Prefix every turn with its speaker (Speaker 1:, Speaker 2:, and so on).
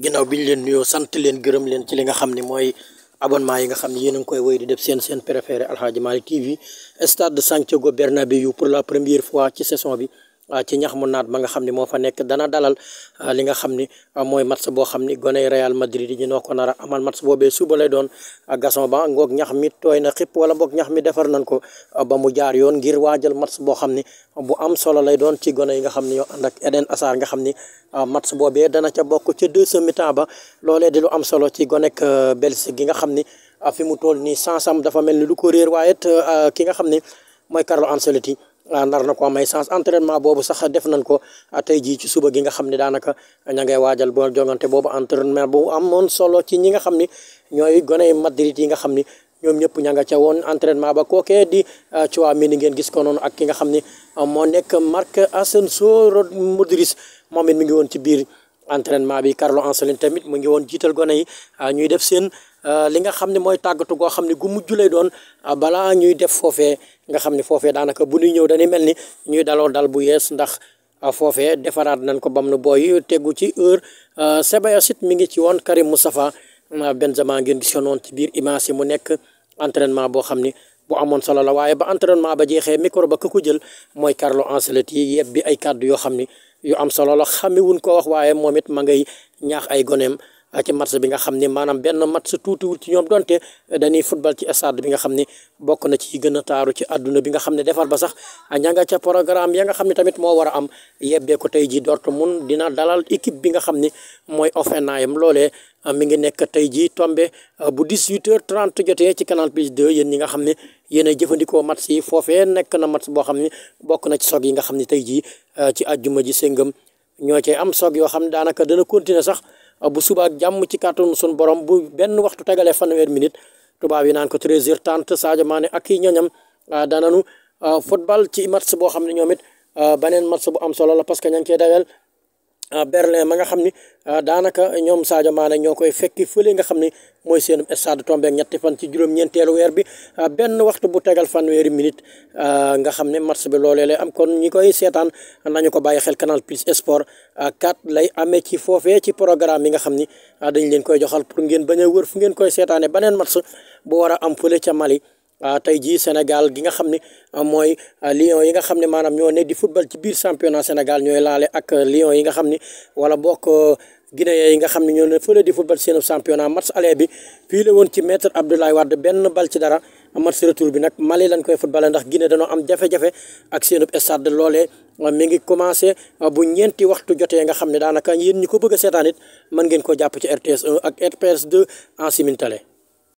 Speaker 1: ginnaaw bi ñu leen nuyoo sant leen gërëm leen ci li nga xam ne mooy abonnement yi nga xam ne yéen a ngi koy woy di def seen seen préféré Aladji Malick TV stade Santiago Bernabéu pour la première fois ci saison bi Ah, ci ñax mu naat ma nga xam ne moo fa nekk dana dalal ah, li nga xam ni ah, mooy match boo xam ni goney Real Madrid yi ñoo ko nar a amal match boobee suba lay doon Gaston ba ngoog ñax mi tooy na xipp wala boog ñax mi defar nañ ko ba mu jaar yoon ngir waajal match boo xam ni bu am solo lay doon ci gone yi nga xam ni ñoo ànd ak Eden nga xam ni match boobee dana ca bokk ca deuxième mi ba loolee di lu am solo ci gonek Belgique gi nga xam ni fi mu toll nii sansam dafa mel ni lu ko réer waaye it ki nga xam ni mooy Carlo Ancelotti Ah, nar na ko may chance entraînement boobu sax def nañ ko ah, tey jii ci suba gi nga xam ne daanaka ña ngay waajal boo jongante boobu entraînement boobu amoon solo ci ñi nga xam ni ñooy gone Madrid yi nga xam ni ñoom ñëpp ña nga ca woon entraînement ba kookee di ah, ci waa mi ni ngeen gis ko noonu ak ki nga xam ni moo nekk Marc Asensio Modrić moom it mi ngi woon ci biir entraînement bi Carlo Ancelotti tamit mu ngi woon jiital gone yi ñuy def seen Euh, li nga xam ne mooy tàggatu goo xam ne gu mujj lay doon euh, balaa ñuy def foofee nga xam ne foofee daanaka bu ñuy ñëw dañuy mel ni ñuy daloo dal bu yees ndax euh, foofe defaraat nañ ko bam na booy tegu ci heure Ceballos it mi ngi ci woon Karim Moustapha Benzema ngeen gisoon woon ci biir image yi mu nekk entraînement boo xam ni bu amoon solo la waaye ba entraînement ba jeexee micro ba ku ko jël mooy Carlo Ancelotti yi yeb bi ay kàddu yoo xam ni yu am solo la xamewuñ ko wax waaye moom it ma ngay ñaax ay goneem ci match bi nga xam ne maanaam benn match tuutiwul ci ñoom donte dañuy football ci stade bi nga xam ni bokk na ci gën taaru ci àdduna bi nga xam ne defar ba sax ña nga ca programme ya nga xam ne tamit moo a am yebbee ko tey ji Dortmund dina dalal équipe bi nga xam ne mooy Offenheim loole mi ngi nekk tey jii tombe bu 18h30 jotee ci Canal Plus 2 yéen ñi nga xam ne yéen a jëfandikoo match yi foofee nekk na match boo xam ne bokk na ci soog yi nga xam ni tey jii ci ajuma ji séngam ñoo cay am soog yoo xam ne daanaka dana continuer sax bu subaa jàmm ci kàttanu sunu borom bu benn waxtu tegalee fanweer minute tubaab yi naan ko treize heures trente Sadio Mané ak kii ñoñam ah, dananu ah, football ci match boo xam ne ñoom it ah, beneen match bu am solo la parce que ña ngi cee daweel Euh, Berlin ma nga xam ni euh, daanaka ñoom Sadio Mané ñoo koy fekki fële nga xam ni mooy seen stade tombé ak ñetti fan ci juróom-ñeenteelu weer bi euh, benn waxtu bu tegal fanweeri minute nga xam ne match bi loolee lay am kon ñi koy seetaan nañu ko bàyyi xel Canal Plus Sport 4 lay amee ci foofee ci programme yi nga xam ni dañ leen koy joxal pour ngeen bañ a wër fu ngeen koy seetaanee beneen match bu war a am fole ca Mali. Ah, tey jii Sénégal gi nga xam ne ah, mooy ah, lion yi nga xam ne maanaam ñoo ne di football ci biir championnat Sénégal ñooy laale ak Lions yi nga xam ni wala bokk Guinée yi nga xam ne ñoo ne fële di football seen championnat match aller bi fii la woon ci maître Abdoulaye Wade benn bal ci dara match retour bi nag Mali lañ koy footballé ndax Guinée danoo am jafe-jafe ak seenub stade loolee mi ngi commencé bu ñeenti waxtu jotee nga xam ne daanaka yéen ñi ko bëgg a seetaan it ko jàpp ci RTS 1 ak en simultané